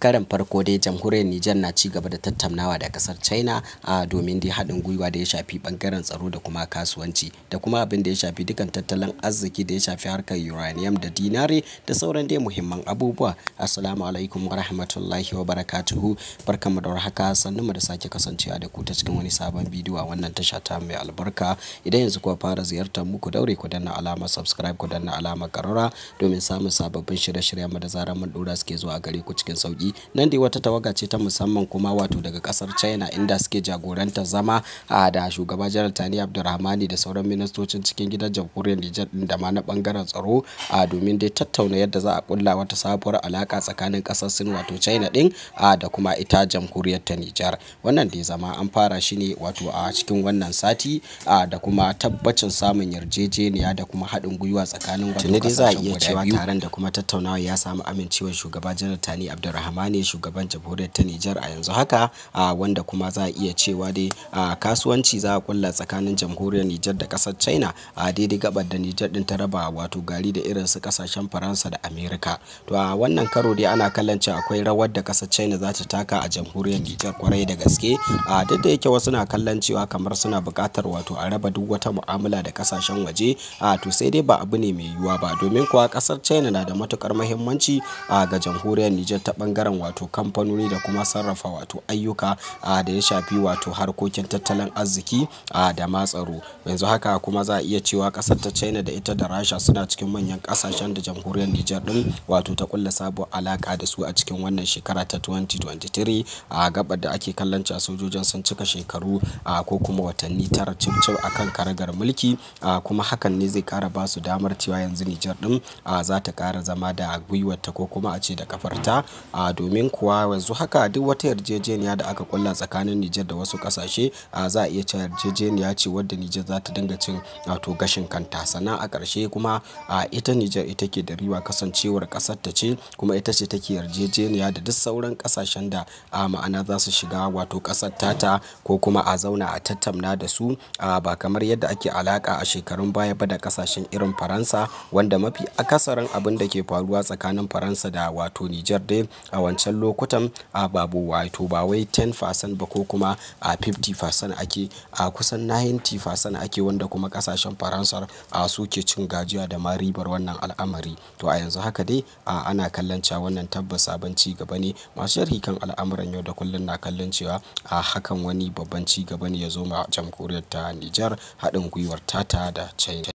karan farko dai jamhuriyar Nijar na ci gaba da tattaunawa da kasar China a domin dai haɗin gwiwa da ya shafi bangaren tsaro da kuma kasuwanci da kuma abin da ya shafi dukan tattalin arziki da ya shafi harkar uranium da dinare da sauran dai muhimman abubuwa. Assalamu alaikum wa rahmatullahi wa barakatuhu. Barkamu da warhaka mu da sake kasancewa da ku ta cikin wani sabon bidiyo a wannan tasha ta mai albarka. Idan yanzu kuwa fara ziyartar mu ku daure ku danna alama subscribe ku danna alama karara domin samun sababbin shirye-shiryen mu da zarar mun dora suke zuwa gare ku cikin sauki. nan da wata tawaga ce ta musamman kuma wato daga kasar china inda suke jagoranta zama a ah, da shugaba janar tani abdulrahmani da sauran ministocin cikin gidan jamhuriyar nijar din da ma na bangaren tsaro a ah, domin dai tattauna yadda za a kulla wata sabuwar alaka tsakanin kasar sin wato china din a ah, da kuma ita jamhuriyar ta nijar wannan dai zama an fara shi ne wato a cikin wannan sati a da kuma tabbacin samun yarjejeniya da kuma haɗin gwiwa tsakanin wato kasashen guda biyu taron da kuma tattaunawa ya samu amincewar shugaba janar tani abdulrahman dama ne shugaban jamhuriyar ta Nijar a yanzu haka a wanda kuma za a iya cewa dai a kasuwanci za a kulla tsakanin jamhuriyar Nijar da kasar China a daidai gabar da Nijar din ta raba wato gari da irin su kasashen Faransa da Amerika to a wannan karo dai ana kallon cewa akwai rawar da kasar China za ta taka a jamhuriyar Nijar kwarai da gaske a duk da yake wasu na kallon cewa kamar suna buƙatar wato a raba duk wata mu'amala da kasashen waje a to sai dai ba abu ne mai yiwuwa ba domin kuwa kasar China na da matukar muhimmanci a ga jamhuriyar Nijar ta bangaren ɓangaren wato kamfanoni da kuma sarrafa wato ayyuka da ya shafi wato harkokin tattalin arziki da ma tsaro yanzu haka kuma za a iya cewa ƙasar ta china da ita da rasha suna cikin manyan ƙasashen da jamhuriyar nijar din wato ta kulla sabuwar alaka da su a cikin wannan shekara ta 2023 a gabar da ake kallon a sojojin sun cika shekaru a ko kuma watanni tara cibcib a kan karagar mulki a kuma hakan ne zai kara ba su damar cewa yanzu nijar din a za ta kara zama da gwiwarta ko kuma a ce da kafarta domin kuwa yanzu haka duk wata yarjejeniya da aka kulla tsakanin Nijar da wasu kasashe a za a iya cewa yarjejeniya ce wadda Nijar za ta dinga cin wato gashin kanta sannan a ƙarshe kuma a ita Nijar ita ke da riwa kasancewar ƙasar ta ce kuma ita ce take yarjejeniya da duk sauran kasashen da a ma'ana za su shiga wato ƙasar tata ko kuma a zauna a tattauna da su ba kamar yadda ake alaka a shekarun baya ba da kasashen irin Faransa wanda mafi akasarin abin da ke faruwa tsakanin Faransa da wato Nijar dai a wancan lokutan a babu wato ba wai 10% ba ko kuma a 50% ake a kusan 90% ake wanda kuma kasashen faransar a suke cin gajiya da ma ribar wannan al'amari to a yanzu haka dai a ana kallon cewa wannan tabbas sabon ci gaba ne masu sharhi kan al'amuran yau da kullun na kallon cewa a hakan wani babban ci gaba ne ya zo ma jamhuriyar ta Nijar haɗin gwiwar tata da China